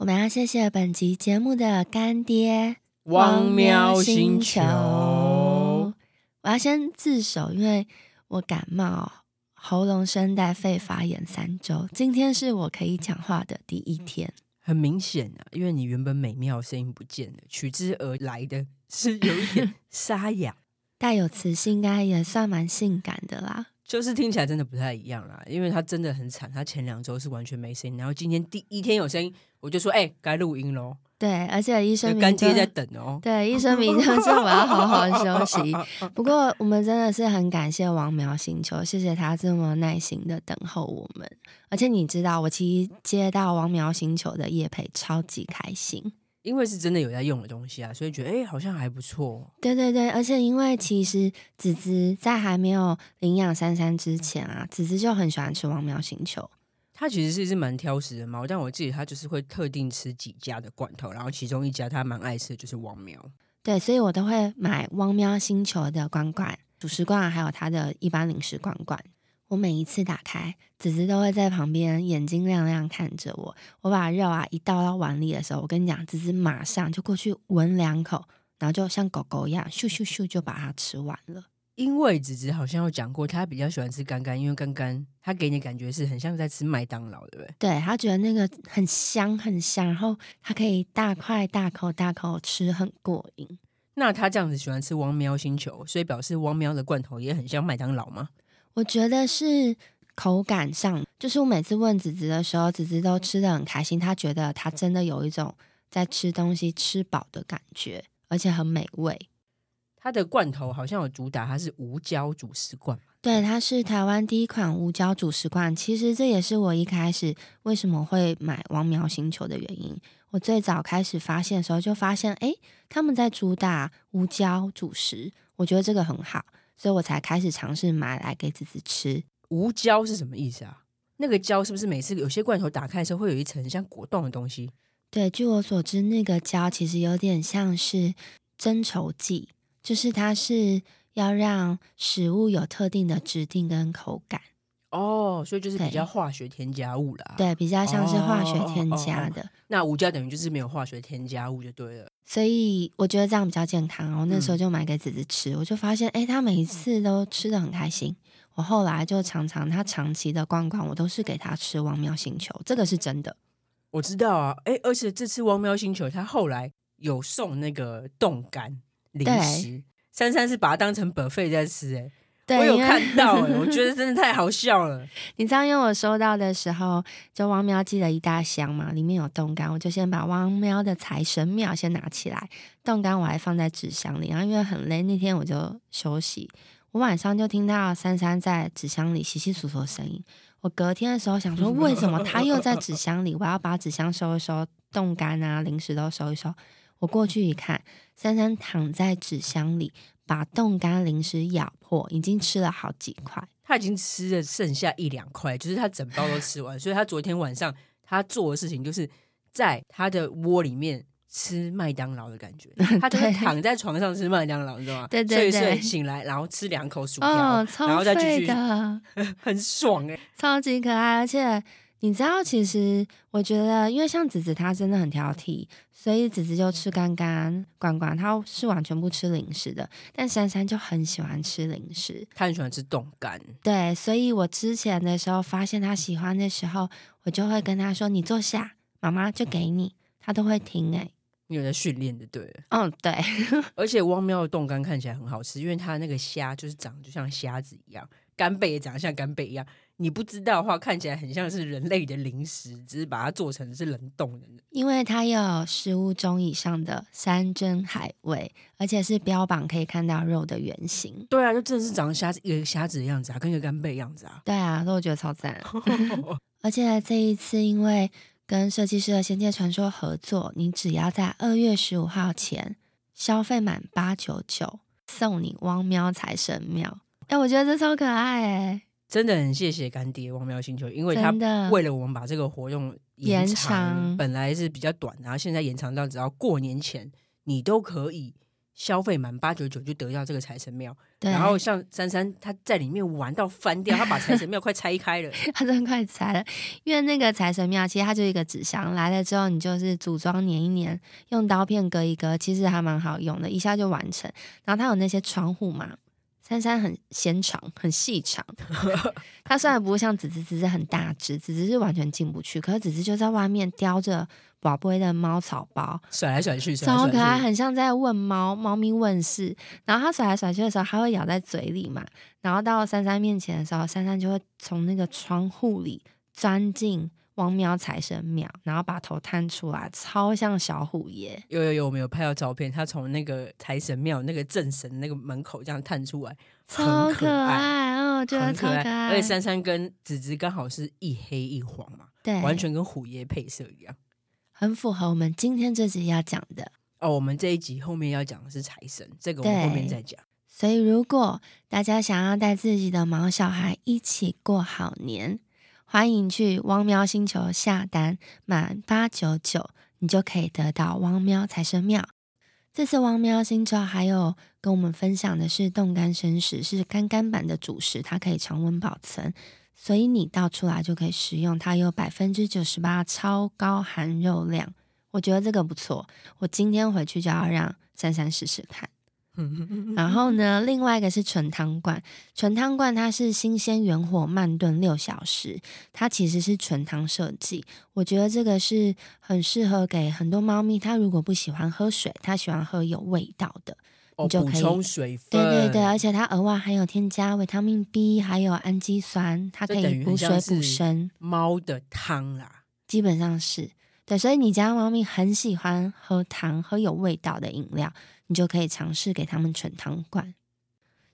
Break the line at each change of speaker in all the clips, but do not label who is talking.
我們要謝謝本集節目的乾爹
汪喵星
球。我要先自首，因為我感冒，喉嚨、聲帶、肺發炎三周，今天是我可以講話的第一天。
很明顯啊，因為你原本美妙聲音不見了，取之而來的，
是有點沙啞，帶 有磁性，應該也算蠻性感的啦。
就是聽起來真的不太一樣啦，因為他真的很慘，他前兩周是完全沒聲音，然後今天第一天有聲音，我就說哎，該、欸、錄音嘍。對，而且醫生明就爹在等哦、喔。對，醫生明就說我要好好休息。
不過我們真的是很感謝汪喵星球，謝謝他這麼耐心的等候我們，而且你知道，我其實接到汪喵星球的業配超級開心。
因為是真的有在用的東西啊，所以覺得哎、欸，好像還不錯。
對對對，而且因為其實姊姊在還沒有領養珊珊之前啊，姊姊就很喜歡吃汪喵星球。
它其實是一只蠻挑食的貓，但我記得它就是會特定吃幾家的罐頭，然後其中一家它蠻愛吃的就是汪喵。
對，所以我都會買汪喵星球的罐罐主食罐，還有它的一般零食罐罐。我每一次打開，子子都會在旁邊眼睛亮亮看着我。我把肉啊一倒到碗裡的時候，我跟你講，子子馬上就過去聞兩口，然後就像狗狗一樣咻咻咻咻就把它吃完了。
因為子子好像有講過，她比較喜歡吃乾干，因為乾乾她給你感覺是很像在吃麥當勞，對不對？
對她覺得那個很香很香，然後她可以大塊大口大口吃，很過癮。那
她這樣子喜歡吃汪喵星球，所以表示汪喵的罐頭也很像麥當勞嗎？
我覺得是口感上，就是我每次問子子的時候，子子都吃得很開心。他覺得他真的有一種在吃東西吃飽的感覺，而且很美味。
他的罐頭好像有主打，它是無膠主食罐。
對，它是台灣第一款無膠主食罐。其實這也是我一開始為什麼會買汪喵星球的原因。我最早開始發現的時候，就發現哎，他們在主打無膠主食，我覺得這個很好。所以我才開始嘗試買來給仔仔吃。無膠是什麼意思啊？那個膠是不是每次
有些罐頭打開的時候會有一
層像果凍的東西？對，據我所知，那個膠其實有點像是增稠劑，就是它是要讓食物有特定的質地跟口感。
哦、oh，所以就是比較化學添加物啦，
對，對比較像是化學添加的。Oh,
oh, oh, oh. 那無加等於就是沒有化學添加物就對了。
所以我覺得這樣比較健康。我那時候就買給子子吃，嗯、我就發現，哎、欸，他每一次都吃得很開心。我後來就常常他長期的逛逛，我都是給他吃汪喵星球，這個是真的。我知道啊，
哎、欸，而且這次汪喵星球，他後來有送那個凍乾零食，珊珊是把它當成 buffet 在吃，欸，哎。對，我有看到、欸、 我覺得真的太好笑
了。你知道，因為我收到的時候，就汪喵寄了一大箱嘛，裡面有凍乾，我就先把汪喵的財神廟先拿起來，凍乾我還放在紙箱裡。然後因為很累，那天我就休息。我晚上就聽到珊珊在紙箱裡窸窸窣窣的聲音。我隔天的時候想說，為什麼他又在紙箱裡？ 我要把紙箱收一收，凍乾啊，零食都收一收。我過去一看，珊珊躺在紙箱裡，把凍乾零食咬。我已經吃了好幾塊，
他已經吃了剩下一兩塊，就是他整包都吃完。 所以他昨天晚上他做的事情，就是在他的窩裡面吃麥當勞的感覺，他就是躺在床上吃麥當勞，你知道嗎？對對對對，睡一睡醒來然後吃兩口薯條，哦，然後再繼續呵呵，很
爽哎，欸，超級可愛，而且。你知道，其實我覺得，因為像子子她真的很挑剔，所以子子就吃乾乾罐罐，她是完全不吃零食的。但珊珊就很喜歡吃零食，她很喜歡吃凍乾。對，所以我之前的時候發現她喜歡的時候，我就會跟她說：“你坐下，媽媽就給你。”她都會聽。誒，你有在訓練的對？嗯、哦，對。
而且汪喵的凍乾看起來很好吃，因為它那個蝦就是長得就像蝦子一樣，干貝也長得像干貝一樣。你不知道的話，看起來很像是人類的零食，只是把它做成是冷凍的。
因為它有十五種以上的山珍海味，而且是標榜可以看到肉的原型。
對啊，就真的是長得蝦子、蝦子的樣子啊，跟一個乾貝樣子啊。
對啊，所以我覺得超讚。 而且這一次，因為跟設計師的《仙界傳說》合作，你只要在二月十五號前消費滿八九九，送你汪喵財神廟。哎、欸，我覺得這超可愛哎、欸。真的很
謝謝乾爹汪喵星球，因為他為了我們把這個活動延長,延長，本來是比較短，然後現在延長到只要過年前，你都可以消費滿八九九就得到這個財神廟。然後像珊珊，他在裡面玩到翻掉，他把財神廟快拆開了，
他真快拆了。因為那個財神廟其實它就是一個紙箱，來了之後你就是組裝粘一粘，用刀片割一割，其實還蠻好用的，一下就完成。然後它有那些窗戶嘛？珊珊很纖長，很細長。它雖然不會像紫紫紫是很大隻，紫紫是完全進不去，可是紫紫就在外面叼着寶貝的貓草包甩來甩去，超可愛，很像在問貓貓咪問事。然後它甩來甩去的時候，它會咬在嘴裡嘛。然後到珊珊面前的時候，珊珊就會從那個窗戶裡鑽進，汪喵財神廟，然後把頭探出來，超像小虎爺。有有有，我們有拍到照片，
他從那個
財神廟那個
正神那個門口這樣探出來，
超可愛，很可愛哦，就超可愛。而且珊
珊跟子子剛好是一黑一黃嘛，對，完全跟虎爺配色一樣，
很符合我們今天這集要講的。
哦，我們這一集後面要講的是財神，這個我們後面再講。
所以如果大家想要帶自己的毛小孩一起過好年，歡迎去汪喵星球下單，滿八九九，你就可以得到汪喵財神廟。這次汪喵星球還有跟我們分享的是凍乾生食，是乾乾版的主食，它可以常溫保存，所以你倒出來就可以食用。它有百分之九十八超高含肉量，我覺得這個不錯。我今天回去就要讓珊珊試試看。 然後呢，另外一個是純湯罐，純湯罐它是新鮮原火慢燉六小時，它其實是純湯設計。我覺得這個是很適合給很多貓咪。它如果不喜歡喝水，它喜歡喝有味道的，你就可以、哦、補充水對對對，而且它額外還有添加維他命 B，還有氨基酸，它可以補水補身。貓的湯啦，基本上是對，所以你家的貓咪很喜歡喝湯，喝有味道的飲料。你就可以嘗試給他們存糖罐，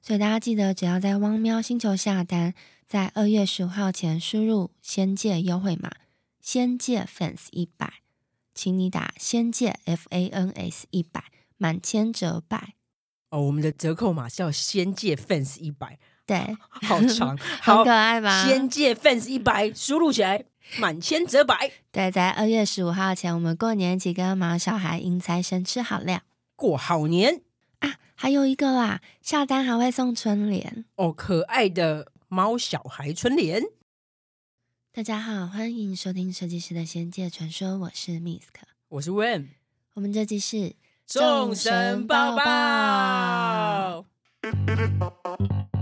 所以大家記得，只要在汪喵星球下單，在二月十五號前輸入仙“仙界優惠碼仙界 fans 一百”，請你打“仙界 fans 一百”，滿千折百
哦。我們的折扣碼是要“仙界 fans 一百”，
對、哦，好長，好， 好可愛吧？“仙界 fans 一百”，輸入起來滿千折百。對，在二月十五號前，我們過年一起跟毛小孩，迎財神，吃好料。過好年啊！還有一個啦，下單還會送春聯哦，可愛的貓小孩春聯。大家好，歡迎收聽設計師的仙界傳說，我是 Misk，我是 Win，我們這集是眾神報報，眾神報報。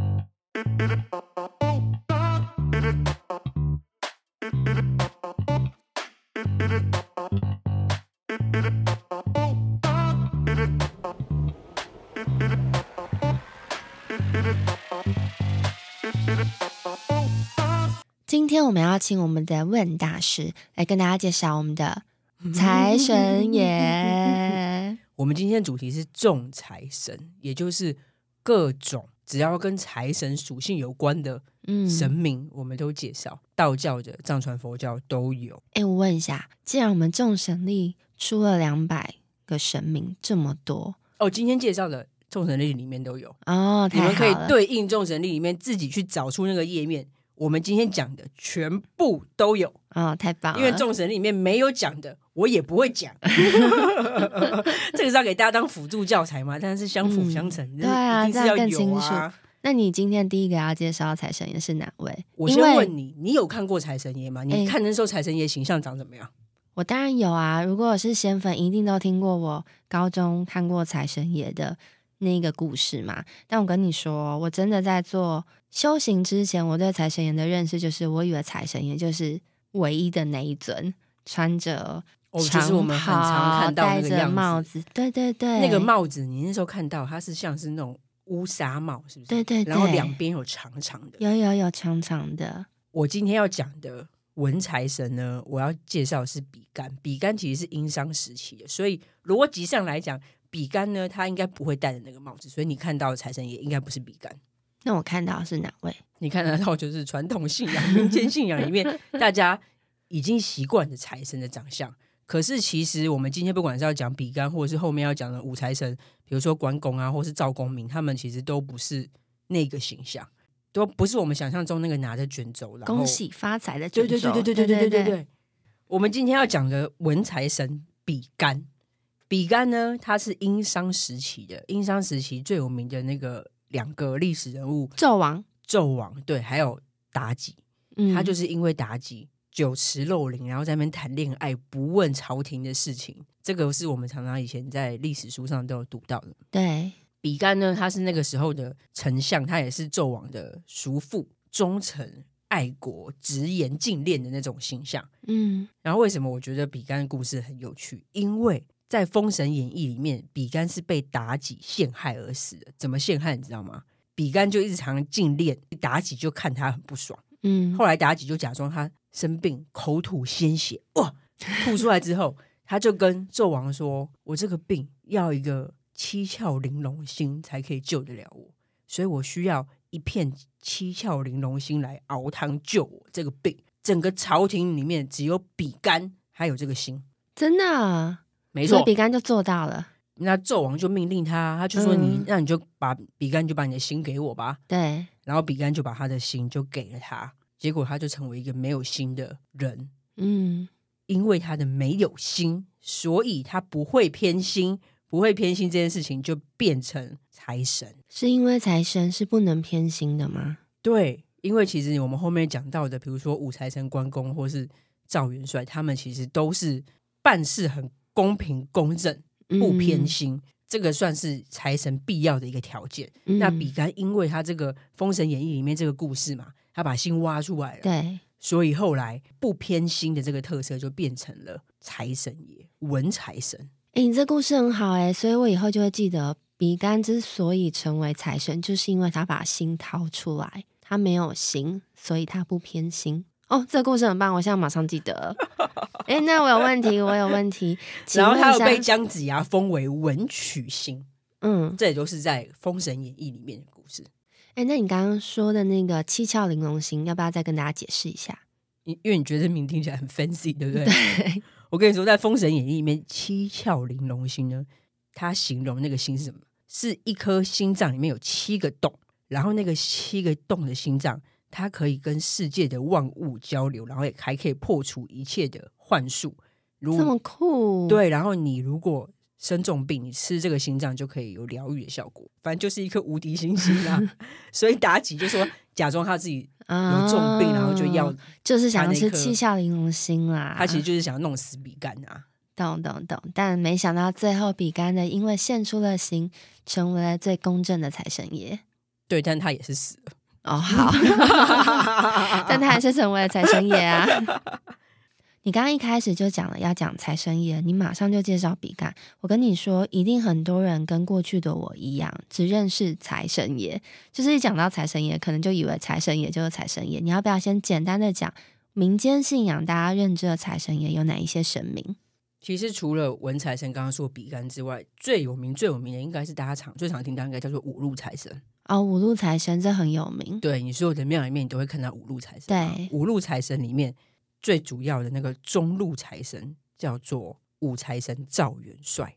我們要請我們的問大師來跟大家介紹我們的財神爺。嗯，
我們今天的主題是眾財神，也就是各種只要跟財神屬性有關的神明，嗯，我們都介紹。道教的、藏傳佛教都有。
哎，我問一下，既然我們眾神力出了兩百個神明，這麼多
哦，今天介紹的眾神
力裡面都有哦。你們可以對
應眾神力裡面自己去找出那個頁面。我們今天講的全部都有啊、哦，太棒了！因為眾神裡面沒有講的，我也不會講。 這個是要給大家當輔助教材嘛？當然是相輔相
成，對、嗯、啊，這樣更清楚。那你今天第一個要介紹的財神爺是哪位？我先問你，
你有看過財神爺嗎？你看的時候財神爺形象長怎麼樣？
我當然有啊，如果我是仙粉，一定都聽過。我高中看過財神爺的。那個故事嘛，但我跟你說，我真的在做修行之前，我對財神爺的認識就是，我以為財神爺就是唯一的那一尊，穿着長袍、哦就是、我們很常看到戴着帽子，對對對，那個帽子
你那時候看到它是像是那種烏紗帽，是不是？對，對對，然後兩邊有長長的，有
有有長長的。
我今天要講的文財神呢，我要介紹的是比干，比干其實是殷商時期的，所以邏輯上來講。比干呢？他應該不會戴着那個帽子，所以你看到的財神也應該不是比干。
那我看到是哪位？你看到就是傳統
信仰、民間信仰裡面 大家已經習慣的財神的長相。可是其實我們今天不管是要講比干，或者是後面要講的武財神，比如說關公啊，或是趙公明，他們其實都不是那個形象，都不是我們想象中那個拿着卷軸的恭喜
發財的卷軸。對對對對對對對對對對，對，對對對。
我們今天要講的文財神比干。比干比干呢？他是殷商時期的，殷商時期最有名的那個兩個歷史人物，紂王、紂王對，還有妲己，他、嗯、就是因為妲己酒池肉林，然後在那邊談戀愛，不問朝廷的事情，這個是我們常常以前在歷史書上都有讀到的。對，比干呢，他是那個時候的丞相，他也是紂王的叔父，忠誠、愛國、直言進諫的那種形象。嗯，然後為什麼我覺得比干的故事很有趣？因為在《封神演義》裡面，比干是被妲己陷害而死的。怎麼陷害你知道嗎？比干就一直常進諫，妲己就看他很不爽。嗯，後來妲己就假裝他生病，口吐鮮血。哇，吐出來之後， 他就跟紂王說：“我這個病要一個七竅玲瓏心才可以救得了我，所以我需要一片七竅玲瓏心來熬湯救我這個病。”整個朝廷裡面只有比干還有這個心，真的啊！沒錯，比
干就做到了。
那紂王就命令他，他就說你：“你、嗯、那你就把比干就把你的心給我吧。”對。然後比干就把他的心就給了他，結果他就成為一個沒有心的人。嗯。因為他的沒有心，所以他不會偏心，不會偏心這件事情就變成財
神。是因為財神是不能偏心的嗎？對，
因為其實我們後面講到的，比如說武財神關公或是趙元帥，他們其實都是辦事很。公平公正不偏心，嗯，這個算是財神必要的一個條件，嗯。那比干因為他這個《封神演義》裡面這個故事嘛，他把心挖出來了，對，所以後來不偏心的這個特色就變成了財神爺文財神。
哎、欸，你這故事很好哎、欸，所以我以後就會記得，比干之所以成為財神，就是因為他把心掏出來，他沒有心，所以他不偏心。哦，這個故事很棒，我現在馬上記得。哎，那我有問題，我有問題。問，然後他又被姜
子牙封為文曲星，
嗯，這
也就是在《封神演義》裡面的故事。
哎，那你剛剛說的那個七竅玲瓏心，要不要再跟大家解釋一下？
因因為你覺得這名聽起來很 fancy，對不對？對，我跟你說，在《封神演義》裡面，七竅玲瓏心呢，它形容那個心是什麼？嗯？是一顆心臟裡面有七個洞，然後那個七個洞的心臟。他可以跟世界的萬物交流，然後也還可以破除一切的幻術。如，這麼酷，對。然後你如果生重病，你吃這個心臟就可以有療癒的效果。反正就是一顆無敵星星啦。 所以妲己就說，假裝她自己有重病，哦、然後就要，就是想要吃七
竅玲瓏心啦。她其實就是想
要弄死比干吶、
啊。懂懂懂。但沒想到最後比干呢，因為獻出了心，成為了最公正的財神爺。對，但她也是死了。哦，好， 但他還是成為了財神爺啊！你剛剛一開始就講了要講財神爺，你馬上就介紹比干。我跟你說，一定很多人跟過去的我一樣，只認識財神爺。就是一講到財神爺，可能就以為財神爺就是財神爺。你要不要先簡單的講民間信仰，大家認知的財神爺有哪一些神明？其
實除了文財神剛剛說的比干之外，最有名最有名的應該是大家常最常聽到應該叫做五路財神。
哦，五路財神這很有名。對，你
說我的廟裡面你都會看到五路財神。對，嗯、五路財神裡面最主要的那個中路財神叫做武財神趙元帥。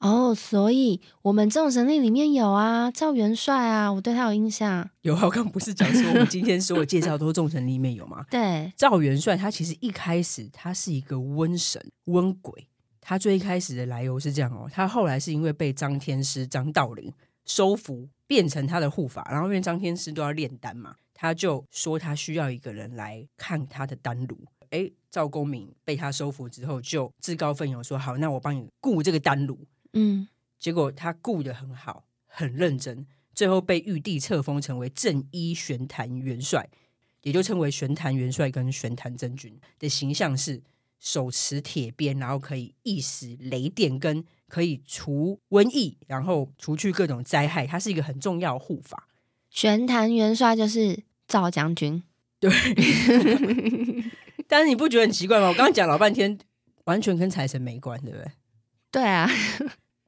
哦、oh,，所以我們眾神力裡面有啊，趙元帥啊，我對他有印象。
有、啊，我剛不是講說我們今天所有介紹的 都眾神裡面有嗎？對，趙元帥他其實一開始他是一個瘟神、瘟鬼，他最一開始的來由是這樣哦，他後來是因為被張天師張道陵。收服變成他的護法，然後因為張天師都要煉丹嘛，他就說他需要一個人來看他的丹爐。哎、欸，趙公明被他收服之後，就自告奮勇說：“好，那我幫你顧這個丹爐。”嗯，結果他顧得很好，很認真，最後被玉帝冊封成為正一玄壇元帥，也就稱為玄壇元帥跟玄壇真君的形象是手持鐵鞭，然後可以一時雷電根，跟可以除瘟疫，然後除去各種災害，他是
一個很重要的護法。玄壇元帥就是趙將軍，對。 但是你不覺得很奇
怪嗎？我剛剛講老半天，完全跟財神沒關，對不對？對啊，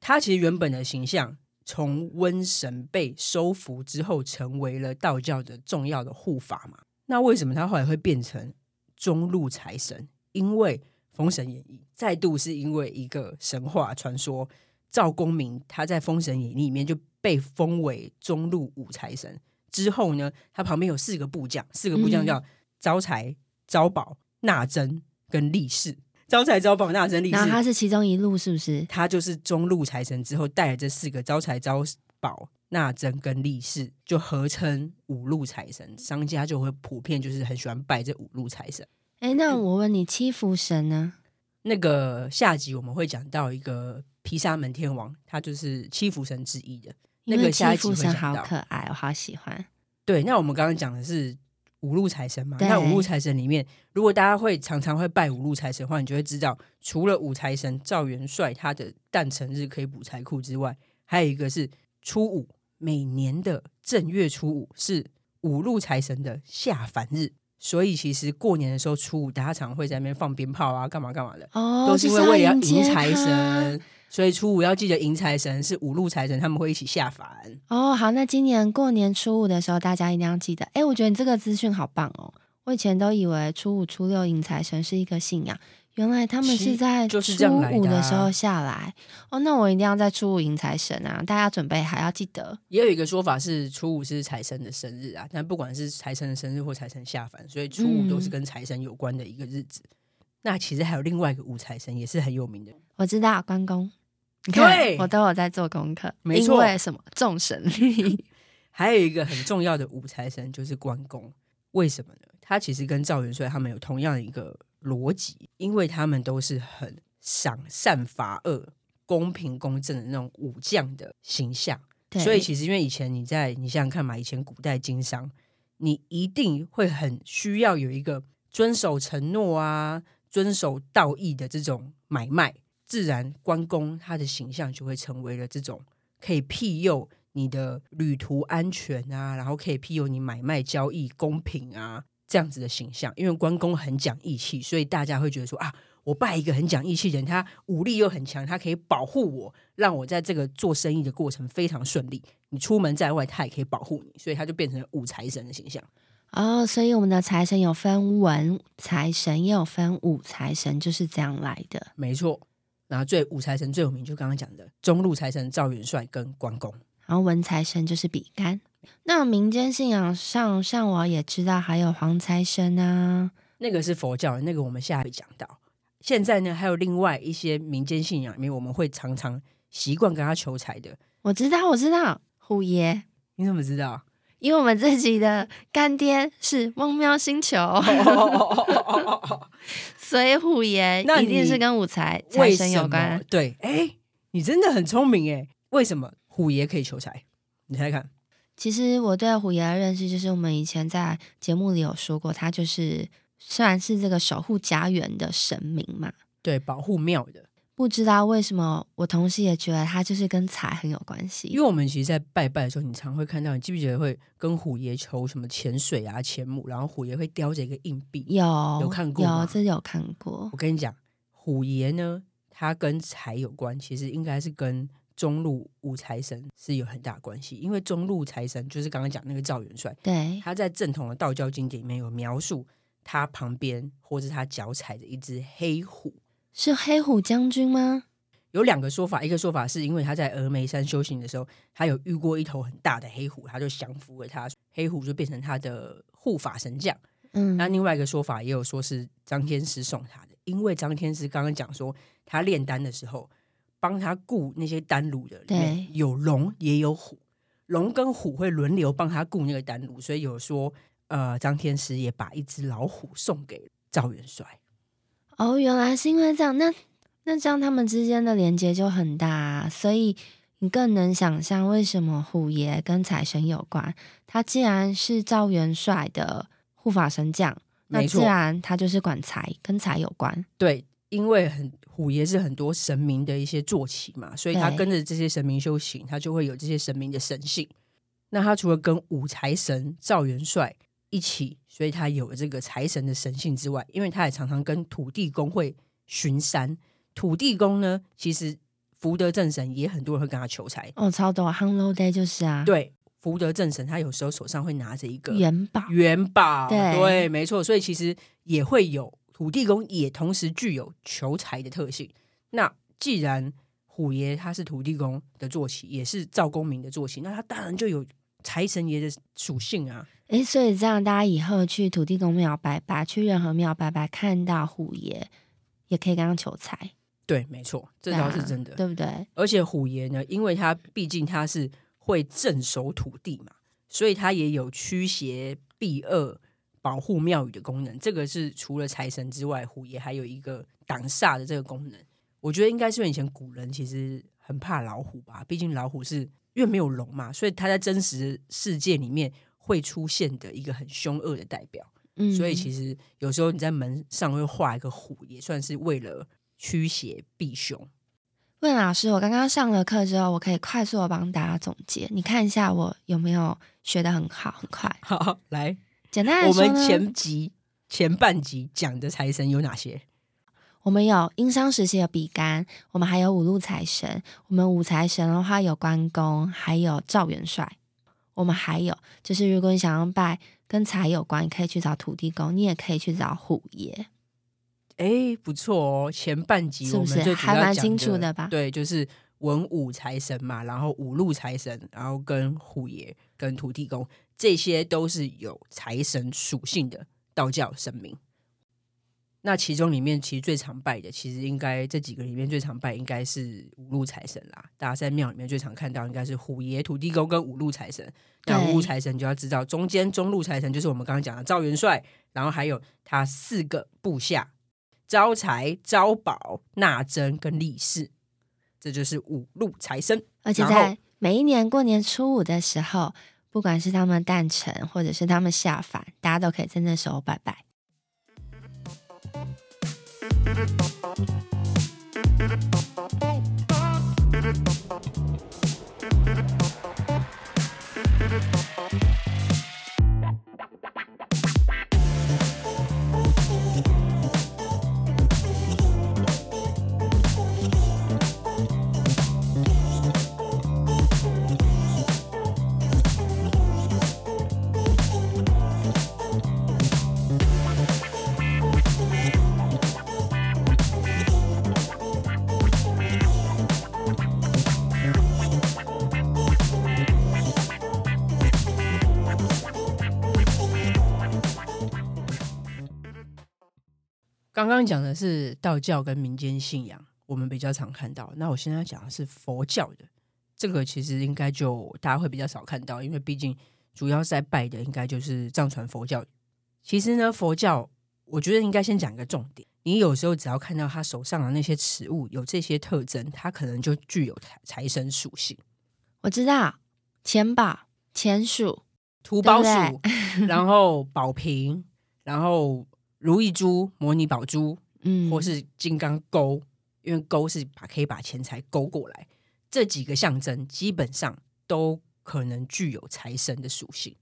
他其實原本的形象從瘟神被收服之後，成為了道教的重要的護法嘛。那為什麼他後來會變成中路財神？因為《封神演義》再度是因為一個神話傳說，趙公明他在《封神演義》裡面就被封為中路武財神。之後呢，他旁邊有四個部將，四個部將叫招財、招寶、納珍跟利市。招財、招寶、納珍、利市，然後他是其中一路，是不是？他就是中路財神。之後帶了這四個招財、招寶、納珍跟利市，就合稱五路財神。商家就會普遍就是很喜歡拜這五路財神。
哎，那我問你，七福神呢？那個下集
我們會講到一個毗沙門天王，他就是七福神之一的那個下集。七福神好可
愛，我好喜歡。
對，那我們剛剛講的是五路財神嘛？那五路財神裡面，如果大家會常常會拜五路財神的話，你就會知道，除了武財神趙元帥他的誕辰日可以補財庫之外，還有一個是初五，每年的正月初五是五路財神的下凡日。所以其實過年的時候初五，大家常會在那邊放鞭炮啊，幹嘛幹嘛的，哦，都是因為為了迎財神，就是迎啊。所以初五要記得迎財神是五路財神，他們會一起下凡。
哦，好，那今年過年初五的時候，大家一定要記得。誒，我覺得你這個資訊好棒哦，我以前都以為初五初六迎財神是一個信仰。原來他們是在初五的時候下來,、就是來啊、哦，那我一定要在初五迎財神啊！大家準備還要記得。也
有一個說法是初五是財神的生日啊，但不管是財神的生日或財神下凡，所以初五都是跟財神有關的一個日子。嗯、那其實還有另外一個武財神也是很有名的，
我知道關公你看，對，我都有在做功課。沒錯，因為什麼？眾神力
還有一個很重要的武財神就是關公，為什麼呢？他其實跟趙元帥他們有同樣的一個。邏輯，因為他們都是很賞善罰惡、公平公正的那種武將的形象，所以其實因為以前你在你想想看嘛，以前古代經商，你一定會很需要有一個遵守承諾啊、遵守道義的這種買賣，自然關公他的形象就會成為了這種可以庇佑你的旅途安全啊，然後可以庇佑你買賣交易公平啊。這樣子的形象，因為關公很講義氣，所以大家會覺得說啊，我拜一個很講義氣的人，他武力又很強，他可以保護我，讓我在這個做生意的過程非常順利。你出門在外，他也可以保護你，所以他就變成武財神的形象。
哦，所以我們的財神有分文財神，也有分武財神，就是這樣來的。沒錯，
然後最武財神最有名就剛剛講的中路財神趙元帥跟關公，然後文財神
就是比干。那民間信仰上，上我也知道還有黃財神啊，那個是佛教，那個我們下回講到。
現在呢，還有另外一些民間信仰裡面，我們會常常習慣跟他求財的。
我知道，我知道虎爺，
你怎麼知道？
因為我們自己的乾爹是汪喵星球，所以虎爺那一定是跟武財財神有關。對，哎，你真的很聰明哎，為什麼虎爺可以求財？你猜猜看。其實我對虎爺的認識就是，我們以前在節目裡有說過，他就是雖然是這個守護家園的神明嘛，對，保護廟的。不知道為什麼，我同時也覺得他就是跟財很有關係。因為我們其實，在拜拜的時
候，你常會看到，你記不記得會跟虎爺求什麼錢水啊、錢母，然後虎爺會叼着一個硬幣，有有看過嗎？有這
有看過。我
跟你講，虎爺呢，他跟財有關，其實應該是跟。中路武財神是有很大關係，因為中路財神就是剛剛講那個趙元帥，對，他在正統的道教經典裡面有描述，他旁邊或者是他腳踩着一隻黑虎，
是黑虎將軍
嗎？有兩個說法，一個說法是因為他在峨眉山修行的時候，他有遇過一頭很大的黑虎，他就降服了他，黑虎就變成他的護法神將。嗯，那另外一個說法也有說是張天師送他的，因為張天師剛剛講說他煉丹的時候。幫他僱那些丹爐的，對，有龍也有虎，龍跟虎會輪流幫他僱那個丹爐，所以有說，呃，張天師也把一隻老虎送給趙元帥。
哦，原來是因為這樣，那那這樣他們之間的連接就很大啊，所以你更能想象為什麼虎爺跟財神有關。他既然是趙元帥的護法神將，那自然他就是管財，跟財有關。
對，因為很。五爺是很多神明的一些坐騎嘛，所以他跟着這些神明修行，他就會有這些神明的神性。那他除了跟武財神趙元帥一起，所以他有了這個財神的神性之外，因為他也常常跟土地公會巡山。土地公呢，其實福德正神也很多人會跟他求財
哦，超多。Hello Day 就是啊，
對，福德正神他有時候手上會拿着一個元寶，元寶，對，沒錯，所以其實也會有。土地公也同時具有求財的特性。那既然虎爺他是土地公的坐騎，也是趙公明的坐騎，那他當然就有財神爺的屬性啊！哎、
欸，所以這樣大家以後去土地公廟拜拜，去任何廟拜拜，看到虎爺也可以跟他求財。
對，沒錯，這倒是真的，對啊，對不對？而且虎爺呢，因為他畢竟他是會鎮守土地嘛，所以他也有驅邪避惡。保護廟宇的功能，這個是除了財神之外，虎爺還有一個擋煞的這個功能。我覺得應該是因為以前古人其實很怕老虎吧，畢竟老虎是因為沒有龍嘛，所以它在真實世界裡面會出現的一個很兇惡的代表。嗯，所以其實有時候你在門上會畫一個虎，也算是為了驅邪避兇。
問老師，我剛剛上了課之後，我可以快速地幫大家總結，你看一下我有沒有學得很好，很快。好，來。簡單說，我們前集前半集講的財神有哪些？我們有殷商時期的比干，我們還有五路財神。我們五財神的話有關公，還有趙元帥。我們還有就是，如果你想要拜跟財有關，你可以去找土地公，你也可以去找虎爺。
誒，不錯哦，前半集我們是不是就還蠻清楚的吧？對，就是文武財神嘛，然後五路財神，然後跟虎爺跟土地公。這些都是有財神屬性的道教神明。那其中裡面其實最常拜的，其實應該這幾個裡面最常拜應該是五路財神啦。大家在廟裡面最常看到應該是虎爺、土地公跟五路財神。那五路財神就要知道，中間中路財神就是我們剛剛講的趙元帥，然後還有他四個部下：招財、招寶、納珍跟利市。這就是五路財神。而且在
每一年過年初五的時候。不管是他們誕辰，或者是他們下凡，大家都可以在那時候拜拜。
剛剛講的是道教跟民間信仰，我們比較常看到。那我現在講的是佛教的，這個其實應該就大家會比較少看到，因為畢竟主要在拜的應該就是藏傳佛教。其實呢，佛教我覺得應該先講一個重點，你有時候只要看到他手上的那些持物有這些特徵，他可能就具有財財神屬性。我知道，錢寶、
錢鼠、吐寶鼠，對對
然後寶瓶，然後。如意珠、摩尼寶珠，嗯，或是金剛鈎，因為鈎是把可以把錢財勾過來，這幾個象徵基本上都可能具有財神的屬性。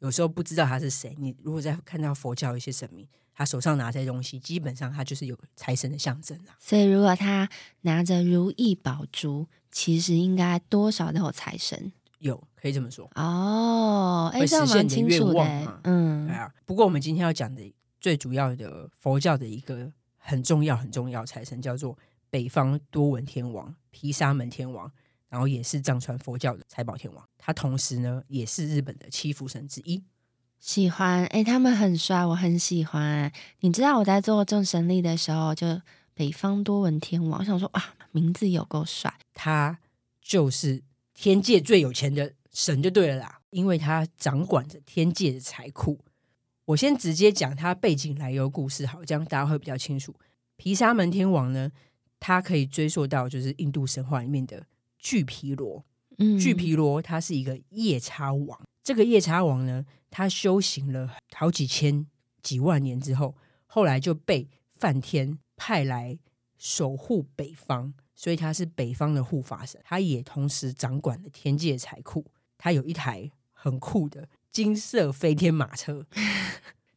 有時候不知道他是誰，你如果在看到佛教一些神明，他手上拿這些東西，基本上他就是有財神的象徵啦。
所以，如果他拿着如意寶珠，其實應該多少都有財神，
有可以這麼
說哦。哎、啊，會實現你的願望啊，這蠻清楚的。嗯，哎
呀、啊，不過我們今天要講的。最主要的佛教的一個很重要很重要財神叫做北方多聞天王，毗沙門天王，然後也是藏傳佛教的財寶天王，他同時
呢也是日本的七福神之一。喜歡誒、欸，他們很帥，我很喜歡。你知道我在做眾神力的時候，就北方多聞天王，我想說啊，名字有夠帥。他就是
天界最有錢的神就對了啦，因為他掌管着天界的財庫。我先直接講他背景來由故事，好，這樣大家會比較清楚。毗沙門天王呢，他可以追溯到就是印度神話裡面的巨毗羅、嗯。巨毗羅他是一個夜叉王。這個夜叉王呢，他修行了好幾千幾萬年之後，後來就被梵天派來守護北方，所以他是北方的護法神。他也同時掌管了天界財庫，他有一台很酷的。金色飛天馬車，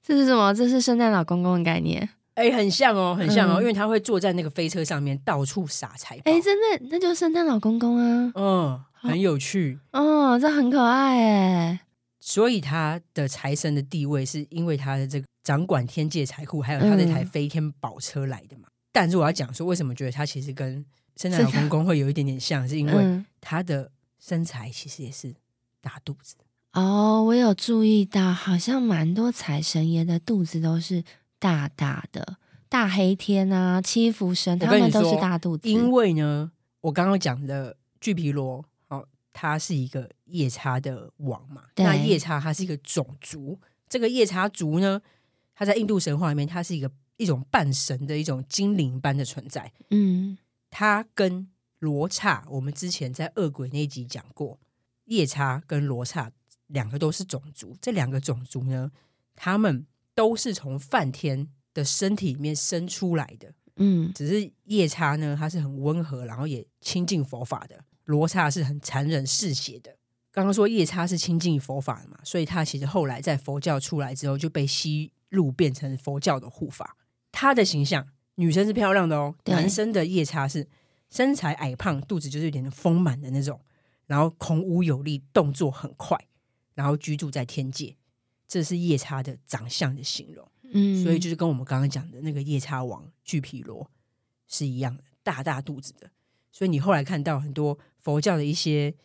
這是什麼？這是聖誕老公公的概念？哎、欸，很像哦、喔，很像哦、喔嗯，因
為他會坐在那個飛車上面到處撒財。
哎、欸，真的，那就是聖誕老公公啊。嗯，很有趣。哦，哦這很可愛哎。
所以他的財神的地位是因為他的這個掌管天界財庫，還有他那台飛天寶車來的嘛。嗯、但是我要講說，為什麼覺得他其實跟
聖誕老公公
會有一點點像是，是因為他的身材其實也是大
肚子。哦、oh，我有注意到，好像蠻多財神爺的肚子都是大大的，大黑天啊，七福神他們都是大肚子。因
為呢，我剛剛講的巨皮羅，哦，他是一個夜叉的王嘛。對。那夜叉他是一個種族，這個夜叉族呢，他在印度神話裡面，他是一個一種半神的一種精靈般的存在。嗯，他跟羅剎，我們之前在惡鬼那集講過，夜叉跟羅剎。兩個都是種族，這兩個種族呢，他們都是從梵天的身體裡面生出來的。嗯，只是夜叉呢，它是很溫和，然後也親近佛法的；羅剎是很殘忍嗜血的。剛剛說夜叉是親近佛法的嘛，所以他其實後來在佛教出來之後就被吸入，變成佛教的護法。他的形象，女生是漂亮的哦，男生的夜叉是身材矮胖，肚子就是有點豐滿的那種，然後孔武有力，動作很快。然後居住在天界，這是夜叉的長相的形容，嗯，所以就是跟我們剛剛講的那個夜叉王俱毗羅是一樣的，大大肚子的。所以你後來看到很多佛教的一些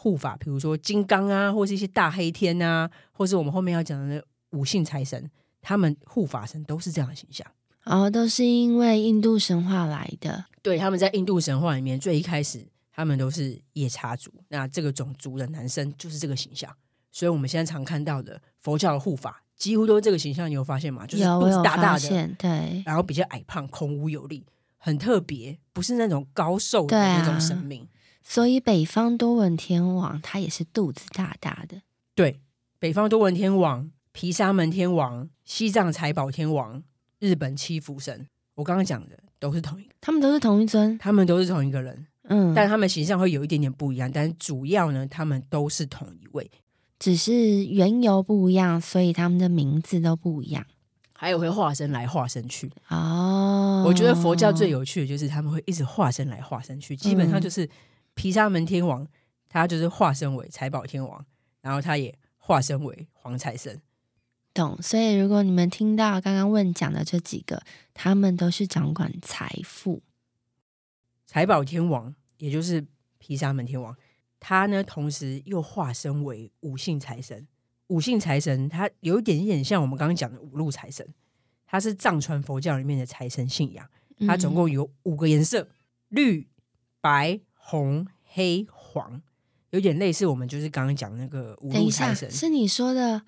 護法，比如說金剛啊，或是一些大黑天啊，或是我們後面要講的五姓財神，他們護法
神都是這樣的形象。哦，都是因為印度神話來的，
對，他們在印度神話裡面最一開始，他們都是夜叉族，那這個種族的男生就是這個形象。所以我們現在常看到的佛教的護法，幾乎都是這個形象。你有發現嗎？就是肚子大大的，對，然後比較矮胖，孔武有力，很特別，不是那種高瘦的那種神明
啊。所以北方多聞天王他也是肚子大大的。
對，北方多聞天王、毗沙門天王、西藏財寶天王、日本七福神，我剛剛講的都是同一個，他們都是同一尊，他們都是同一個人。嗯，但他們形象會有一點點不一樣，但主要呢，他們都是同一位。
只是緣由不一樣，所以他們的名字都不一樣。
還有會化身來、化身去
哦。Oh, 我覺得佛教最
有趣的就是他們會一直化身來、化身去、嗯，基本上就是毗沙門天王，他就是化身為財寶天王，然後他也化身為黃財神。
懂。所以如果你們聽到剛剛問講的這幾個，他們都是掌管財富，財
寶天王，也就是毗沙門天王。他呢，同時又化身為五姓財神。五姓財神，他有一點點像我們剛剛講的五路財神。他是藏傳佛教裡面的財神信仰，他總共有五個顏色，嗯，綠、白、紅、黑、黃，有點類似我們就是剛剛講那個五路財神。是
你說的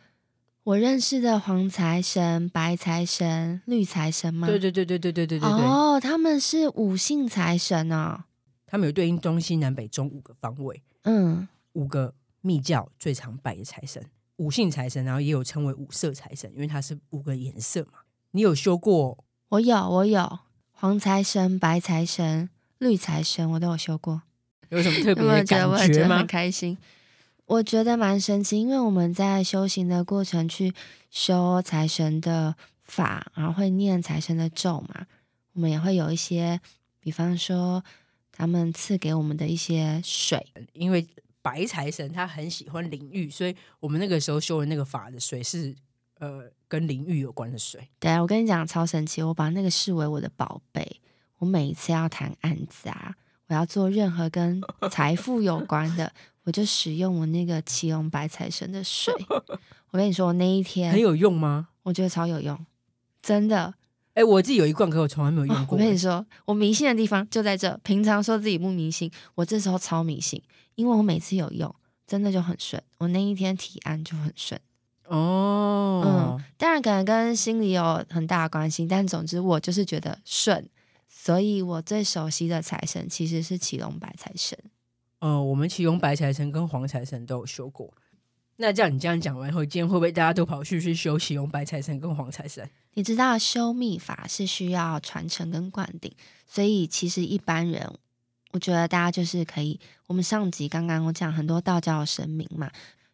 我認識的黃財神、白財神、綠財神嗎？對對對對,對對對對對對對對對。哦，他們是五姓財神啊、
哦，他們有對應東西南北中五個方位。嗯，五個密教最常拜的財神，五姓財神，然後也有稱為五色財神，因為它是五個顏色嘛。
你有修過？我有，我有黃財神、白財神、綠財神，我都有修過。有什麼特別的感覺嗎？ 我覺得我覺得開心，我覺得蠻神奇，因為我們在修行的過程去修財神的法，然後會念財神的咒嘛，我們也會有一些，比方說。他們賜給我們的一些水，因為
白財神他很喜歡淋浴，所以我們那個時候修的那個法的水是呃跟淋浴有關的水。
對啊，我跟你講超神奇，我把那個視為我的寶貝。我每一次要談案子啊，我要做任何跟財富有關的， 我就使用我那個啟用白財神的水。我跟你說，那一天很有用嗎？我覺得超有用，真的。哎，我自己有一
罐，可是我從來沒有用過。哦。我跟
你說，我迷信的地方就在這。平常說自己不迷信，我這時候超迷信，因為我每次有用，真的就很順。我那一天提案就很順。哦，嗯，當然可能跟心理有很大的關係，但總之我就是覺得順。所以我最熟悉的財神其實是騎龍白財神。
呃、哦，我們騎龍白財神跟黃財神都有修過。那叫你這樣講完以後，今天會不會大家都跑去去修喜用白菜神跟黃財神？
你知道修密法是需要傳承跟灌頂，所以其實一般人，我覺得大家就是可以。我們上集剛剛講很多道教的神明嘛，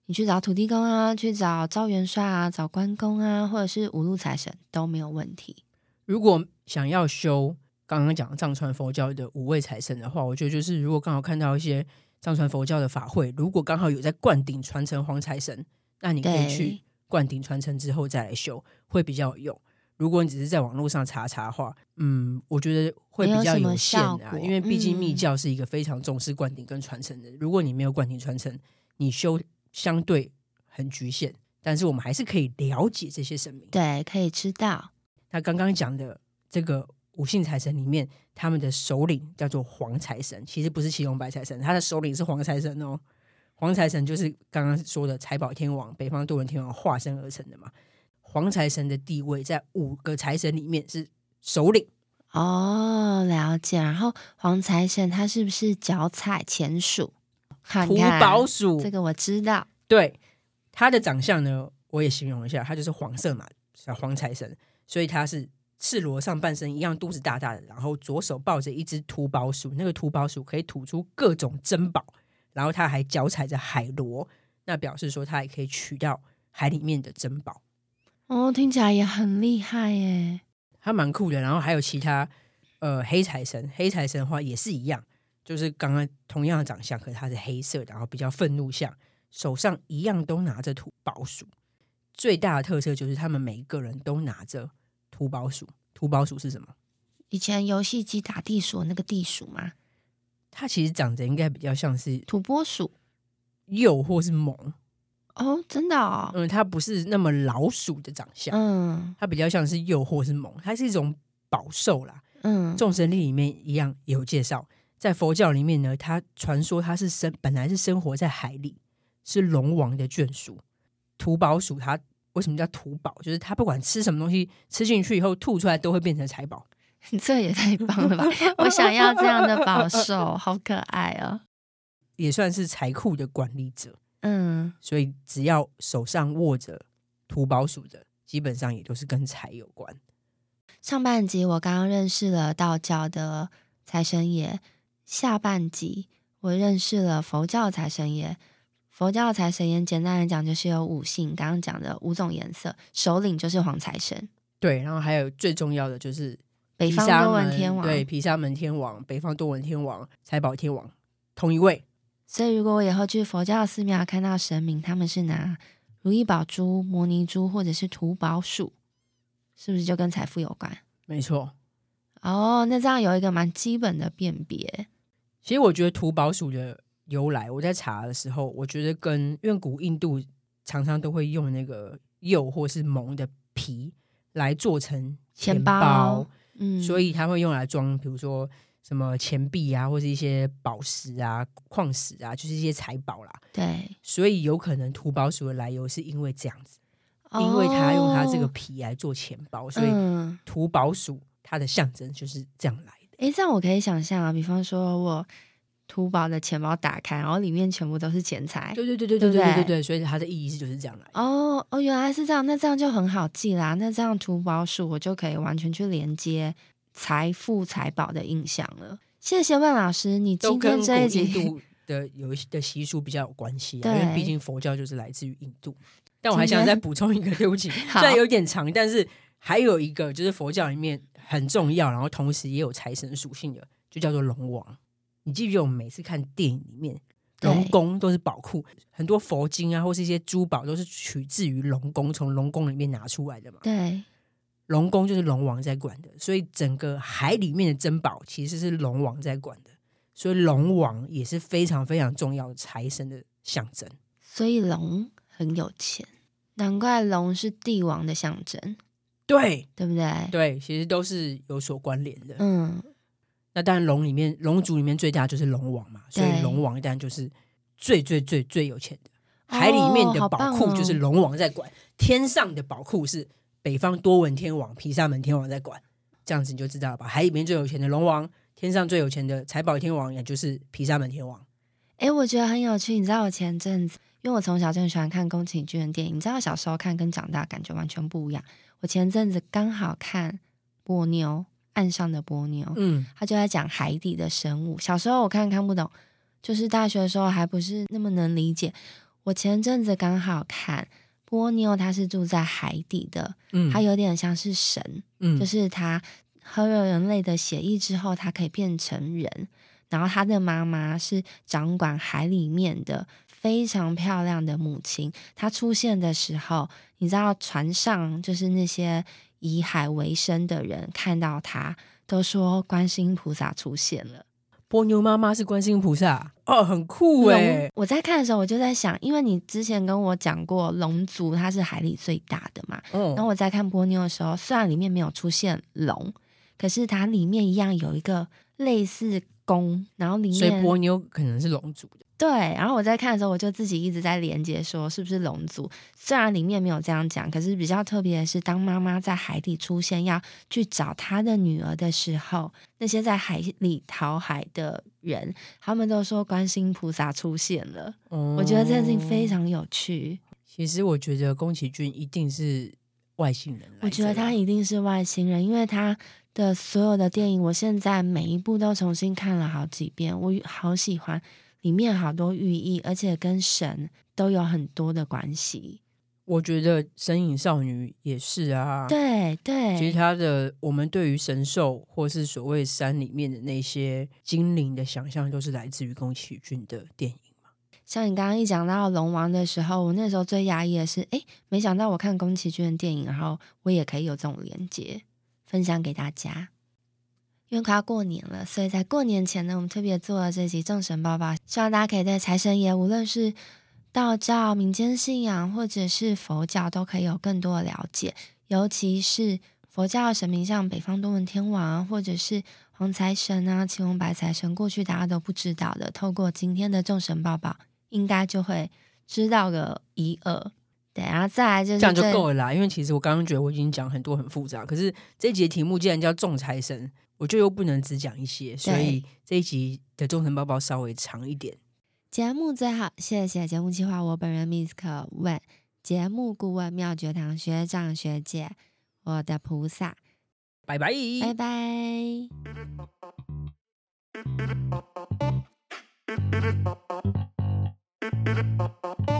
你去找土地公啊，去找趙元帥啊，找關公啊，或者是五路財神都沒有問題。
如果想要修剛剛講藏傳佛教的五位財神的話，我覺得就是如果剛好看到一些。藏傳佛教的法會，如果剛好有在灌頂傳承黃財神，那你可以去灌頂傳承之後再來修，會比較有用。如果你只是在網絡上查查的話，嗯，我覺得會比較有限，啊，因為畢竟密教是一個非常重視灌頂跟傳承的，嗯。如果你沒有灌頂傳承，你修相對很侷限。但是我們還是可以了解這些神明，對，可以知道。那剛剛講的這個五姓財神裡面。他們的首領叫做黃財神，其實不是騎龍白財神，他的首領是黃財神哦。黃財神就是剛剛說的財寶天王、北方多聞天王化身而成的嘛。黃財神的地位在五個
財神裡面是首領哦，了解。然後黃財神他是不是腳踩錢鼠？土寶鼠，這個我知道。對，
他的長相呢，我也形容一下，他就是黃色嘛，叫黃財神，所以他是。赤裸上半身一樣，肚子大大的，然後左手抱着一隻吐寶鼠，那個吐寶鼠可以吐出各種珍寶，然後他還腳踩着海螺，那表示說他也可以取到海裡面的珍寶。
哦，聽起來也很厲害耶，
他蠻酷的。然後還有其他，呃，黑財神，黑財神的話也是一樣，就是剛剛同樣的長相，可是他是黑色，然後比較憤怒相，手上一樣都拿着吐寶鼠。最大的特色就是他們每一個人都拿着。吐寶鼠，吐寶鼠是什麼？以前遊戲機打地鼠那個地鼠嗎？它其實長得應該比較像是土撥鼠，又或是獴，哦，真的，哦，嗯，它不是那麼老鼠的長相，嗯，它比較像是又或是獴，它是一種寶獸啦，嗯，眾神力裡面一樣有介紹，在佛教裡面呢，它傳說它是生本來是生活在海裡，是龍王的眷屬，吐寶鼠它。為什麼叫吐寶？就是他不管吃什麼東西，吃進去以後吐出來都會變成財寶。 這也太棒了吧！ 我想要這樣的寶
獸，好可愛哦。
也算是財庫的管理者，嗯，所以只要手上握着吐寶鼠的，基本上也都是跟財有關。
上半集我剛剛認識了道教的財神爺，下半集我認識了佛教財神爺。佛教財神爺簡單來講就是有五姓，剛剛講的五種顏色，首領就是黃財神。
對，然後還有最重要的就是北方多聞天，天王，對，毘沙門天王，北方多聞天王，
財寶天王，同一位。所以如果我以後去佛教的寺廟看到神明，他們是拿如意寶珠、摩尼珠或者是吐寶鼠，是不是就跟財富有關？沒錯。哦、oh，那這樣有一個蠻基本的辨別。其
實我覺得吐寶鼠的。由來，我在查的時候，我覺得跟遠古印度常常都會用那個柚或是蒙的皮來做成錢包，錢包，嗯，所以他會用來裝，比如說什麼錢幣啊，或是一些寶石啊、礦石啊，就是一些財寶啦。對，所以有可能吐寶鼠的來由是因為這樣子。
哦，因為他用他這個
皮來做錢包，所以、嗯、吐寶鼠它的象徵就是這樣來
的。哎、欸，這樣我可以想象啊，比方說我。吐寶的錢包打開，然後裡面全部都是錢財。對對對對對對，對對，對，對所以它的意義是就是這樣來。哦哦，原來是這樣，那這樣就很好記啦。那這樣吐寶鼠我就可以完全去連接財富財寶的印象了。謝謝萬老師，你今天這一集印度
的有一些的習俗比較有關係，因為畢竟佛教就是來自於印度。但我還想再補充一個，對不起， 雖然有點長，但是還有一個就是佛教裡面很重要，然後同時也有財神屬性的，就叫做龍王。你記不記得我們每次看電影裡面，龍宮都是寶庫，很多佛經啊，或是一些珠寶都是取自於龍宮，從龍宮裡面拿出來的嘛。對，龍宮就是龍王在管的，所以整個海裡面的珍寶其實是龍王在管的，所以龍王也是非常非常重要的財神的象徵。
所以龍很有錢，難怪龍是帝王的象徵。
對，對不對？對，其實都是有所關聯的。嗯。但，龍裡面，龍族裡面最大就是龍王嘛，所以龍王當然就是最最最最有錢的。海裡面的寶庫就是龍王在管，oh, 天上的寶庫是北方多聞天王、嗯、毗沙門天王在管。這樣子你就知道了吧？海裡面最有錢的龍王，天上最有錢的財寶天王，也就是毗沙門天王。
哎、欸，我覺得很有趣。你知道，我前陣子，因為我從小就很喜歡看宮崎駿的電影，你知道，小時候看跟長大感覺完全不一樣。我前陣子剛好看波妞。岸上的波妞，嗯，他就在講海底的生物，嗯。小時候我看看不懂，就是大學的時候還不是那麼能理解。我前陣子剛好看波妞，他是住在海底的，嗯，他有點像是神，嗯，就是他喝了人類的血液之後，他可以變成人。然後他的媽媽是掌管海裡面的非常漂亮的母親。他出現的時候，你知道船上就是那些。以海為生的人看到他，都說，觀音菩薩出現了。波妞媽媽是觀音菩薩哦，很酷哎、欸！我在看的時候，我就在想，因為你之前跟我講過，龍族它是海裡最大的嘛，嗯，然後我在看波妞的時候，雖然裡面沒有出現龍，可是它裡面一樣有一個類似。公然後裡面，所以波妞
可能是龍族的。
對，然後我在看的時候，我就自己一直在連接說是不是龍族？雖然裡面沒有這樣講，可是比較特別的是，當媽媽在海底出現，要去找她的女兒的時候，那些在海裡討海的人，他們都說觀世音菩薩出現了、嗯。我覺得這件事情非常有趣。
其實我覺得宮崎駿一定是外星人來
來，我覺得他一定是外星人，因為他。的所有的電影，我現在每一部都重新看了好幾遍，我好喜歡裡面好多寓意，而且跟神都有很多的關係。
我覺得《神隱少女》也是啊，對對。其他的，我們對於神獸或是所謂山裡面的那些精靈的想象，都是來自於宮崎駿的電影嘛。
像你剛剛一講到龍王的時候，我那時候最訝異的是，誒，沒想到我看宮崎駿的電影，然後我也可以有這種連接。分享給大家，因為快要過年了，所以在過年前呢，我們特別做了這集眾神報報，希望大家可以對財神爺，無論是道教、民間信仰，或者是佛教，都可以有更多的了解。尤其是佛教的神明，像北方多聞天王啊，或者是黃財神啊、青紅白財神，過去大家都不知道的，透過今天的眾神報報，應該就會知道個一二。然後再來就是這，這樣就夠了
啦，因為其實我剛剛覺得我已經講很多很複雜，可是這一集的題目既然叫眾財神，我就又不能只講一些，所以這一集的眾神報報稍微長一點。
節目最好，謝謝節目企劃，我本人 Misk 問節目顧問妙覺堂學長學姐，我的菩薩，拜拜拜拜。